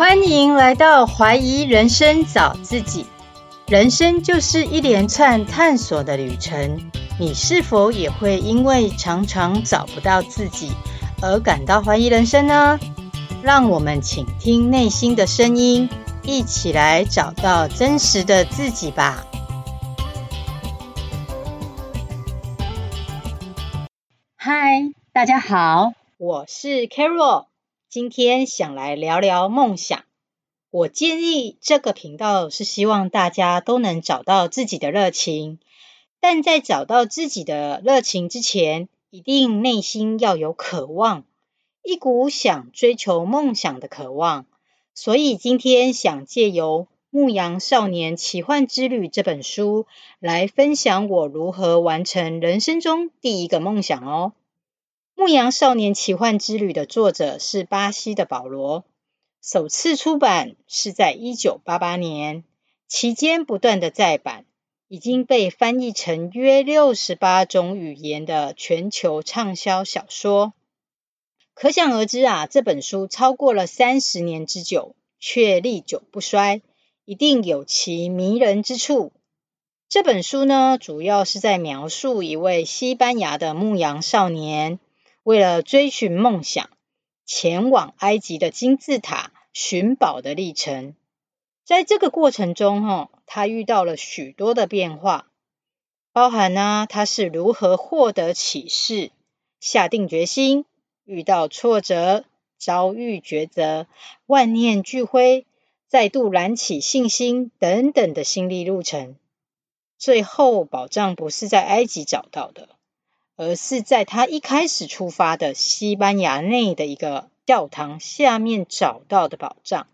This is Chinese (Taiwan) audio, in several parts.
歡迎來到懷疑人生找自己。人生就是一連串探索的旅程，你是否也會因為常常找不到自己而感到懷疑人生呢？讓我們傾聽內心的聲音，一起來找到真實的自己吧。嗨，大家好，我是 Carol。今天想來聊聊夢想。我建議這個頻道是希望大家都能找到自己的熱情，但在找到自己的熱情之前，一定內心要有渴望，一股想追求夢想的渴望。所以今天想借由《牧羊少年奇幻之旅》這本書來分享我如何完成人生中第一個夢想哦。《牧羊少年奇幻之旅》的作者是巴西的保羅，首次出版是在一九八八年，期間不斷的再版，已經被翻譯成約六十八種語言的全球暢銷小說。可想而知啊，這本書超過了三十年之久，卻歷久不衰，一定有其迷人之處。這本書呢，主要是在描述一位西班牙的牧羊少年。為了追尋夢想，前往埃及的金字塔尋寶的歷程，在這個過程中，哦，他遇到了許多的變化，包含呢、啊，他是如何獲得啟示、下定決心、遇到挫折、遭遇抉擇、萬念俱灰、再度燃起信心等等的心理路程。最後，寶藏不是在埃及找到的。而是在他一開始出發的西班牙內的一個教堂下面找到的寶藏，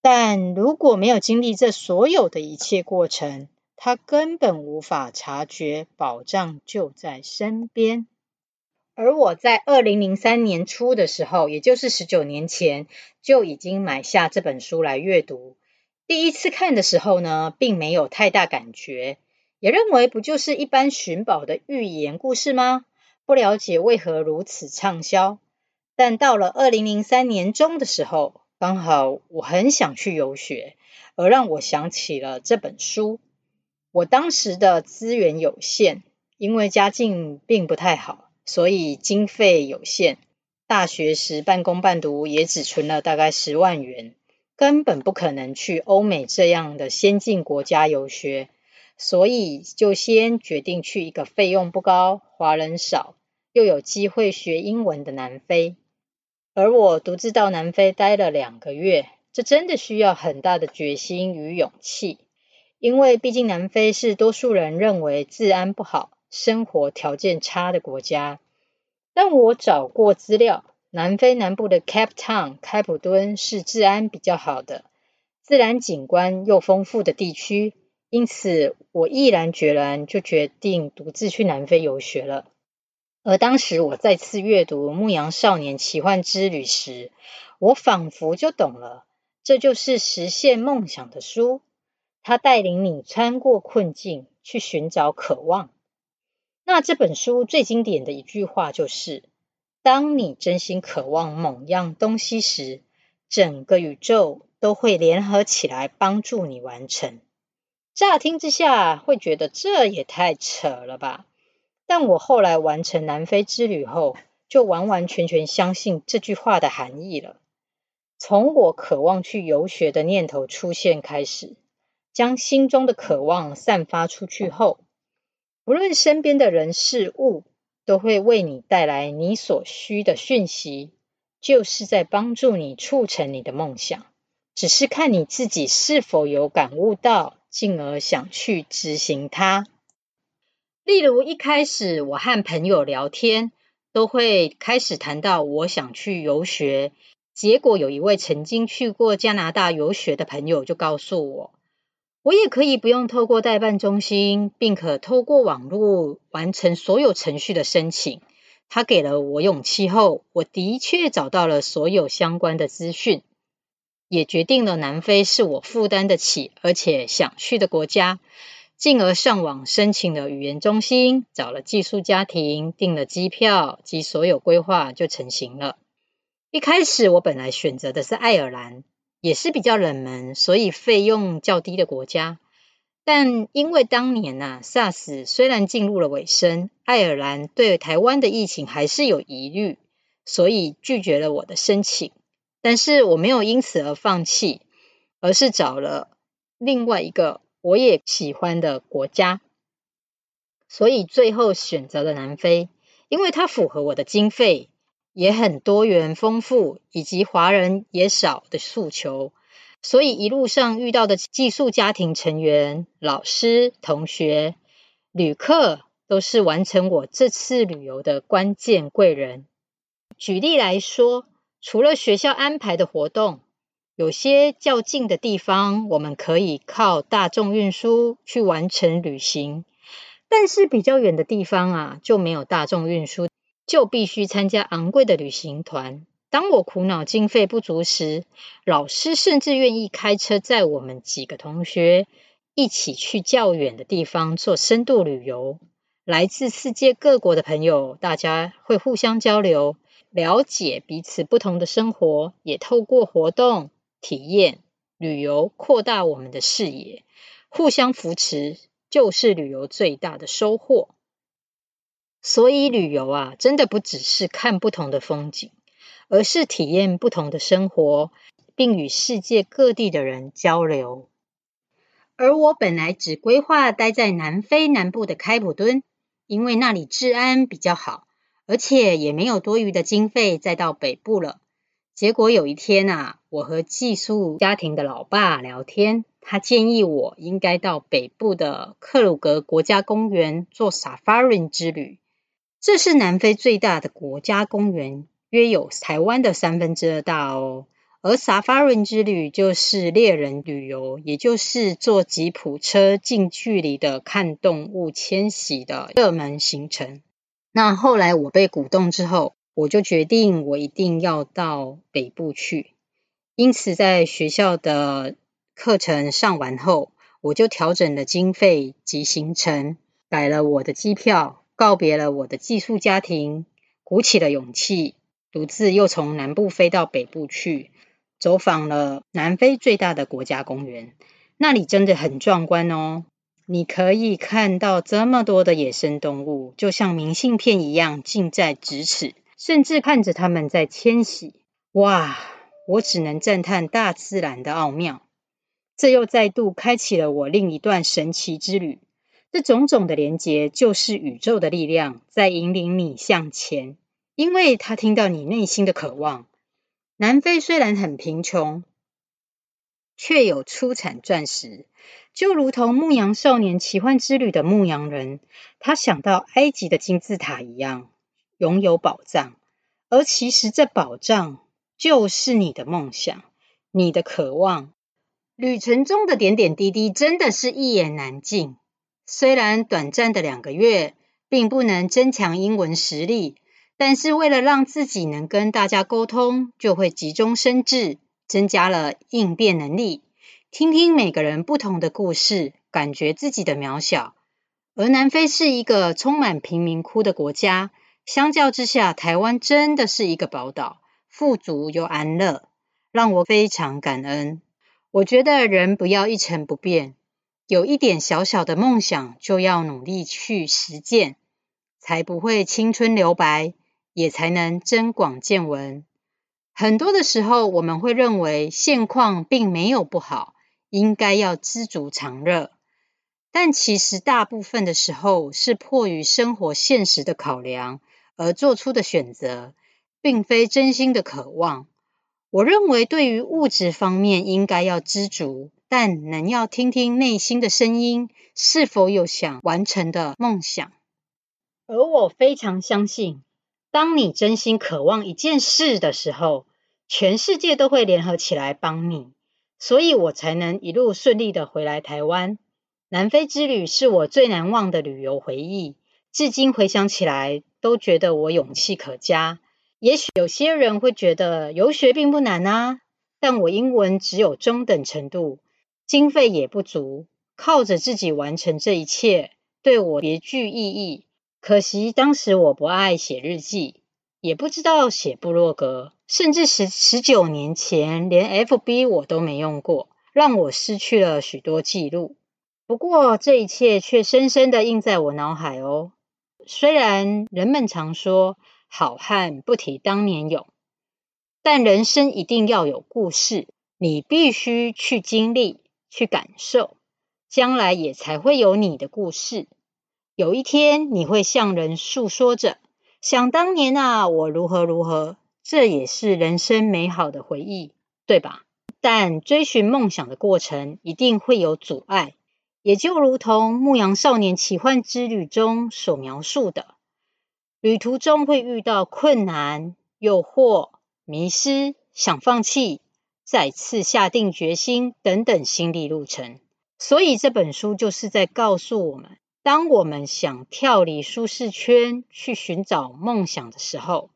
但如果沒有經歷這所有的一切過程，他根本無法察覺寶藏就在身邊。而我在二零零三年初的時候，也就是十九年前，就已經買下這本書來閱讀。第一次看的時候呢，並沒有太大感覺。也認為不就是一般尋寶的寓言故事嗎？不了解為何如此暢銷。但到了二零零三年中的時候，剛好我很想去遊學，而讓我想起了這本書。我當時的資源有限，因為家境並不太好，所以經費有限。大學時半工半讀，也只存了大概十萬元，根本不可能去歐美這樣的先進國家遊學。所以就先決定去一個費用不高、華人少，又有機會學英文的南非。而我獨自到南非待了兩個月，這真的需要很大的決心與勇氣，因為畢竟南非是多數人認為治安不好、生活條件差的國家。但我找過資料，南非南部的 Cape Town 開普敦是治安比較好的、自然景觀又豐富的地區。因此，我毅然決然就決定獨自去南非遊學了。而當時我再次閱讀《牧羊少年奇幻之旅》時，我仿佛就懂了，這就是實現夢想的書。它帶領你穿過困境，去尋找渴望。那這本書最經典的一句話就是：當你真心渴望某樣東西時，整個宇宙都會聯合起來幫助你完成。乍聽之下，會覺得這也太扯了吧，但我後來完成南非之旅後，就完完全全相信這句話的含義了。從我渴望去遊學的念頭出現開始，將心中的渴望散發出去後，不論身邊的人事物，都會為你帶來你所需的訊息，就是在幫助你促成你的夢想。只是看你自己是否有感悟到。進而想去執行它。例如，一開始我和朋友聊天，都會開始談到我想去遊學。結果，有一位曾經去過加拿大遊學的朋友就告訴我，我也可以不用透過代辦中心，並可透過網絡完成所有程序的申請。他給了我勇氣後，我的確找到了所有相關的資訊。也決定了南非是我負擔得起而且想去的國家，進而上網申請了語言中心，找了寄宿家庭，訂了機票及所有規劃就成型了。一開始我本來選擇的是愛爾蘭，也是比較冷門，所以費用較低的國家。但因為當年吶、啊、SARS 雖然進入了尾聲，愛爾蘭對台灣的疫情還是有疑慮，所以拒絕了我的申請。但是我沒有因此而放棄，而是找了另外一個我也喜歡的國家，所以最後選擇了南非，因為它符合我的經費，也很多元豐富，以及華人也少的訴求。所以一路上遇到的寄宿家庭成員、老師、同學、旅客，都是完成我這次旅遊的關鍵貴人。舉例來說，除了學校安排的活動，有些較近的地方，我們可以靠大眾運輸去完成旅行。但是比較遠的地方啊，就沒有大眾運輸，就必須參加昂貴的旅行團。當我苦惱經費不足時，老師甚至願意開車載我們幾個同學一起去較遠的地方做深度旅遊。來自世界各國的朋友，大家會互相交流。了解彼此不同的生活，也透過活動、體驗、旅遊擴大我們的視野，互相扶持，就是旅遊最大的收穫。所以旅遊啊，真的不只是看不同的風景，而是體驗不同的生活，並與世界各地的人交流。而我本來只規劃待在南非南部的開普敦，因為那裡治安比較好。而且也沒有多餘的經費再到北部了。結果有一天啊，我和寄宿家庭的老爸聊天，他建議我應該到北部的克魯格國家公園做 safari 之旅。這是南非最大的國家公園，約有台灣的三分之二大哦。而 safari 之旅就是獵人旅遊，也就是坐吉普車近距離的看動物遷徙的熱門行程。那後來我被鼓動之後，我就決定我一定要到北部去。因此，在學校的課程上完後，我就調整了經費及行程，改了我的機票，告別了我的寄宿家庭，鼓起了勇氣，獨自又從南部飛到北部去，走訪了南非最大的國家公園，那裡真的很壯觀哦。你可以看到這麼多的野生動物，就像明信片一樣近在咫尺，甚至看着他們在遷徙。哇！我只能讚嘆大自然的奧妙。這又再度開啟了我另一段神奇之旅。這種種的連接，就是宇宙的力量在引領你向前，因為他聽到你內心的渴望。南非雖然很貧窮。卻有出產鑽石，就如同牧羊少年奇幻之旅的牧羊人，他想到埃及的金字塔一樣，擁有寶藏。而其實這寶藏就是你的夢想，你的渴望。旅程中的點點滴滴，真的是一言難盡。雖然短暫的兩個月，並不能增強英文實力，但是為了讓自己能跟大家溝通，就會急中生智，增加了應變能力，聽聽每個人不同的故事，感覺自己的渺小。而南非是一個充滿貧民窟的國家，相較之下，台灣真的是一個寶島，富足又安樂，讓我非常感恩。我覺得人不要一成不變，有一點小小的夢想，就要努力去實踐，才不會青春留白，也才能增廣見聞。很多的時候，我們會認為現況並沒有不好，應該要知足常樂。但其實大部分的時候是迫於生活現實的考量而做出的選擇，並非真心的渴望。我認為對於物質方面應該要知足，但能要聽聽內心的聲音，是否有想完成的夢想。而我非常相信。當你真心渴望一件事的時候，全世界都會聯合起來幫你，所以我才能一路順利的回來台灣。南非之旅是我最難忘的旅遊回憶，至今回想起來都覺得我勇氣可嘉。也許有些人會覺得遊學並不難啊，但我英文只有中等程度，經費也不足，靠着自己完成這一切，對我別具意義。可惜當時我不愛寫日記，也不知道寫部落格，甚至十十九年前連 FB 我都沒用過，讓我失去了許多記錄。不過這一切卻深深的印在我腦海哦。雖然人們常說“好漢不提當年勇”，但人生一定要有故事，你必須去經歷、去感受，將來也才會有你的故事。有一天，你會向人訴說着，想當年啊，我如何如何，這也是人生美好的回憶，對吧？但追尋夢想的過程一定會有阻礙，也就如同《牧羊少年奇幻之旅》中所描述的，旅途中會遇到困難、誘惑、迷失、想放棄、再次下定決心等等心歷路程。所以這本書就是在告訴我們。當我們想跳離舒適圈去尋找夢想的時候，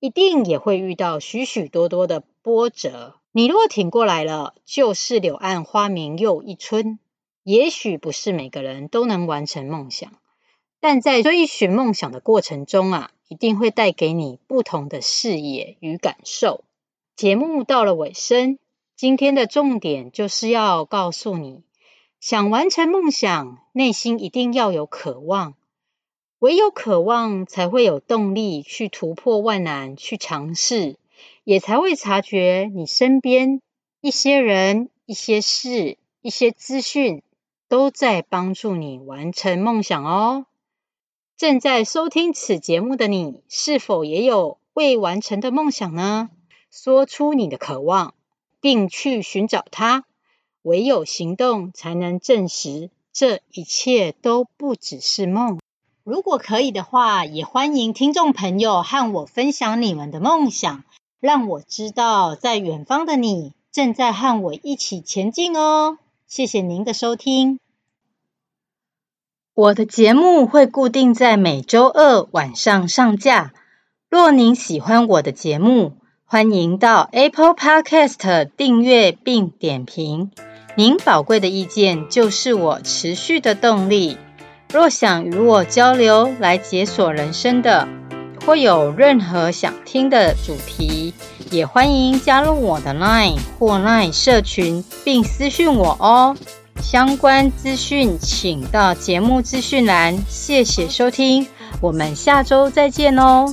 一定也會遇到許許多多的波折。你若挺過來了，就是柳暗花明又一村。也許不是每個人都能完成夢想，但在追尋夢想的過程中啊，一定會帶給你不同的視野與感受。節目到了尾聲，今天的重點就是要告訴你，想完成夢想，內心一定要有渴望。唯有渴望，才會有動力去突破萬難，去嘗試，也才會察覺你身邊一些人、一些事、一些資訊，都在幫助你完成夢想哦。正在收聽此節目的你，是否也有未完成的夢想呢？說出你的渴望，並去尋找它。唯有行動才能證實這一切都不只是夢。如果可以的話，也歡迎聽眾朋友和我分享你們的夢想，讓我知道在遠方的你正在和我一起前進哦。謝謝您的收聽。我的節目會固定在每周二晚上上架。若您喜歡我的節目，歡迎到 Apple Podcast 訂閱並點評。您寶貴的意見就是我持續的動力。若想與我交流來解鎖人生的，或有任何想聽的主題，也歡迎加入我的 LINE 或 LINE 社群，並私訊我哦。相關資訊請到節目資訊欄。謝謝收聽，我們下周再見哦。